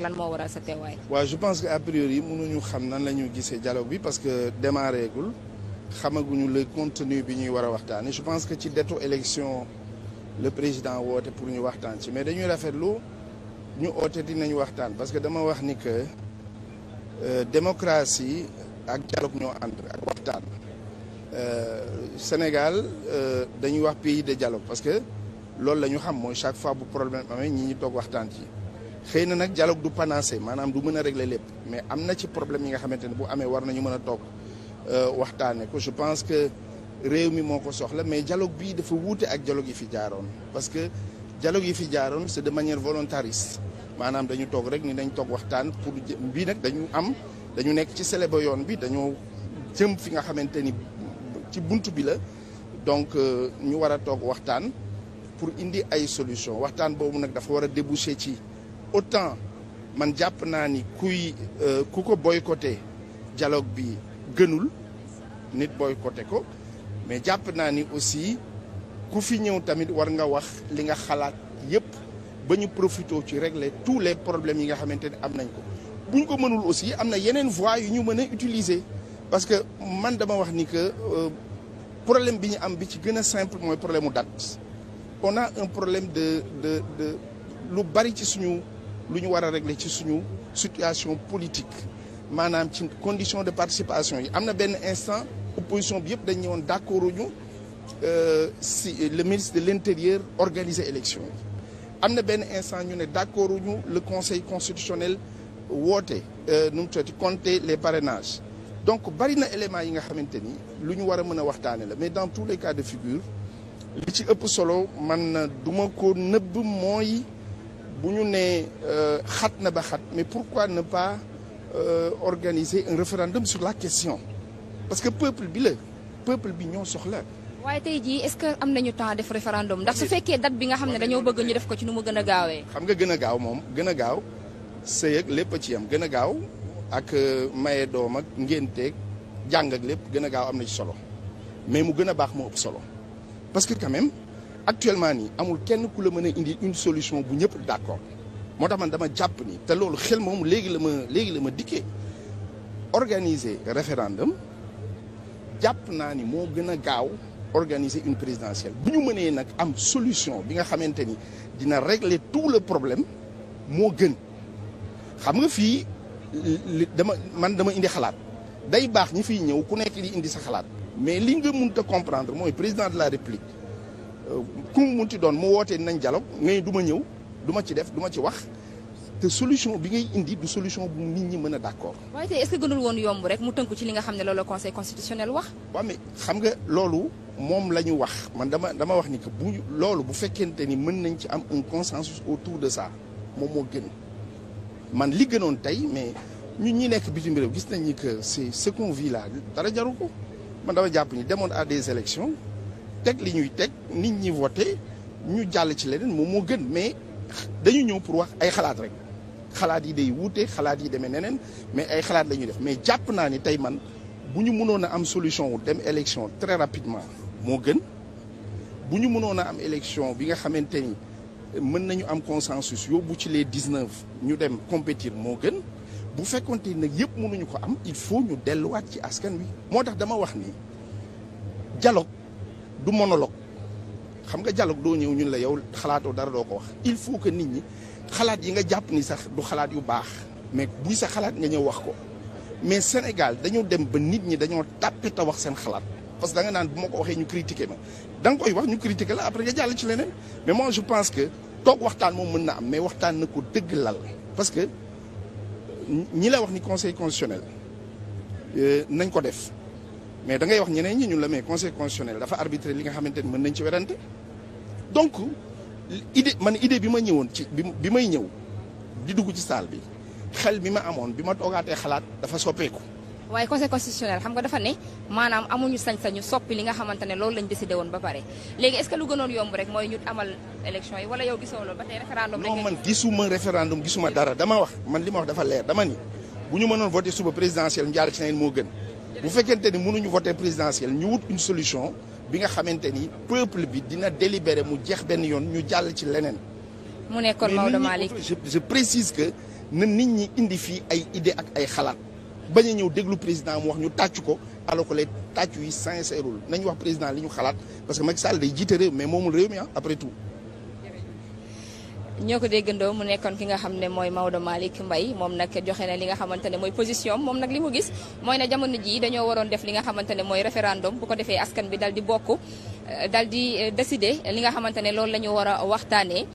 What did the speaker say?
lan moo waral sa teewaay. waaw je pense que a priori mënuñu xam nan la ñu gisee dialogue bi parce que démarré xamaguñu le contenu bi ñuy war a waxtaanee je pense que ci detu élection le président woote pour ñu waxtaan ci mais dañuy rafetlu ñu oote dinañ waxtaan parce que dama wax ni que euh, démocratie ak dialogue ñoo ànd ak waxtaan. Euh, Sénégal euh, dañuy wax pays de dialogue parce que loolu la ñu xam mooy chaque fois bu problème amee ñi ñu toog waxtaan ci. xëy na nag dialogue du panacée maanaam du mën a régler lépp mais am na ci problème yi nga xamante ne bu amee war nañu mën a toog euh, waxtaane ko je pense que réew mi moo ko soxla mais dialogue bii dafa wuute ak dialogue yi fi jaaroon parce que dialogue yi fi jaaroon c'est de manière volontariste maanaam dañu toog rek ni dañ toog waxtaan pour bii nag dañu am dañu nekk ci seleba yoon bi dañoo jëm fi nga xamante ni ci bunt bi la donc euh, ñu war a toog waxtaan pour indi ay solution waxtaan boobu nag dafa war a déboucher ci autant man jàpp naa ni kuy euh, ku ko boycotté jaloog bi gënul nit boycotté ko mais jàpp naa ni aussi ku fi ñëw tamit war nga wax li nga xalaat yépp ba ñu profité ci régler tous les problèmes yi nga xamante ne am nañ ko bu ñu ko mënul aussi am na yeneen voies yu ñu mën a utiliser parce que man dama wax ni que euh, problème bi ñu am bi ci gën a simple mooy problème mu date on a un problème de de de lu bari ci suñu lu ñu war a régler ci suñu situation politique maanaam ci condition de participation yi am na benn instant opposition bi yëpp dañ ñëwoon d'accord ñu euh, si le ministre de l'intérieur organiser élection yi am na benn instant ñu ne d'accord ñu le conseil constitutionnel woote euh, nu mu tuddati compter les parrainages donc bari na éléments yi nga xamante ni lu ñu war a mën a waxtaane la mais dans tous les cas de figure li ci ëpp solo man na du ko nëbb mooy bu ñu nee euh, xat na ba xat mais pourquoi ne pas euh, organiser un référendum sur la question parce que peuple bi la peuple bi ñoo soxla. waaye tey jii est-ce que am nañu temps def référendum ndax su fekkee date bi nga xam ne dañoo bëgg ñu def ko ci nu mu gën a gaawee. xam nga gën a gaaw moom gën gaaw sëy ak lépp a ci am gën a gaaw ak euh, maye doom ak ngénteeg jàng ak lépp gën a gaaw am na ci solo mais mu gën a baax moo ëpp solo parce que quand actuellement nii amul kenn ku la mën a indi une solution bu ñëpp d'accord moo tax man dama jàpp nii te loolu xel moom léegi la ma léegi la ma dikkee organiser référendum jàpp naa ni moo gën a gaaw organiser une présidentielle bu ñu mënee nag am solution bi nga xamante ni dina régler tout le problème moo gën xam nga fii dama man dama indi xalaat day baax ñi fiy ñëw ku nekk di indi sa xalaat mais li nga te comprendre mooy président de la république ku mu munti doon mu wootee nañ dialogue ngay du ma ñëw duma ci def duma ci wax te solution bi ngay indi du solution bu nit ñi mën a d'accord. waaye tey est-ce que gënul woon yomb rek mu tënku ci li nga xam ne loolu conseil constitutionnel wax. waaw mais xam nga loolu moom la ñu wax man dama dama wax ni ko bu loolu bu fekkente ni mën nañ ci am un consensus autour de ça moom moo gën man li gënoon tey mais ñu ñi nekk bitim réew gis nañ ni que c'est ce qu'on vit là dara jaru ko man dama jàpp ni demoon à des élections teg li ñuy teg nit ñi voté ñu jàll ci leneen moom moo gën mais dañu ñëw pour wax ay xalaat rek xalaat yi day wuute xalaat yi demee neneen mais ay xalaat la ñuy def mais jàpp naa ni tey man bu ñu mënoon a am solution wu dem élection très rapidement moo gën bu ñu mënoon a am élection bi nga xamante ni mën nañu am consensus yóbbu ci lee les 19 ñu dem compétir moo gën bu fekkonte nag yëpp mënuñu ko am il faut ñu delluwaat ci askan wi moo tax dama wax ni dialogue du monologue xam nga dialogue doo ñëw ñun la yow xalaatoo dara doo ko wax il faut que nit ñi xalaat yi nga jàpp ni sax du xalaat yu baax mais buy sa xalaat nga ñëw wax ko mais Sénégal dañoo dem ba nit ñi dañoo tàppit a wax seen xalaat parce que da nga naan bu ma ko waxee ñu critiquer ma da nga koy wax ñu critiquer la après nga jàll ci leneen mais moi je pense que toog waxtaan moom mën na am mais waxtaan na ko dëgg lal parce que ñi lay wax ni conseil constitutionnel euh, nañ ko def mais dangay wax ñeneen ñi ñu la mais conseil constitutionnel dafa arbitré li nga xamante ni mën nañ ci werante donc idée man idée bi ma ñëwoon ci bi may ñëw di dugg ci salle bi xel bi ma amoon bi ma toogaatee xalaat dafa soppeeku. waaye conseil constitutionnel xam nga dafa ne maanaam amuñu sañ-sañu soppi li nga xamante ne loolu lañ décidé woon ba pare léegi est-ce que lu gënoon yomb rek mooy ñu amal élection yi wala yow gisoo loolu ba tey référendum. non man gisuma référendum gisuma dara dama wax man li ma wax dafa leer dama ni bu ñu mënoon voté suba présidentielle njaar ci moo gën. bu fekkente ni mënuñu voter présidentielle ñu wut une solution bi nga xamante ni peuple bi dina délibérer mu jeex benn yoon ñu jàll ci leneen. mu nekkoon Maodo Malick je je précise que na nit ñi indi fii ay idée ak ay xalaat bañ a ñëw déglu président mu wax ñu tàcc ko alors que les tàcc yi sincèrewul nañ wax président li ñu xalaat parce que Macky Sall day jiite réew mais moomul réew mi ah, après tout. ñoo ko déggandoo mu nekkoon ki nga xam ne mooy Maodo Malick mbay moom nag joxe na li nga xamante ne mooy position moom nag li mu gis mooy ne jamono jii dañoo waroon def li nga xamante ne mooy référendum bu ko defee askan bi dal di bokk dal di euh, décidé li nga xamante ne loolu la ñu war a waxtaanee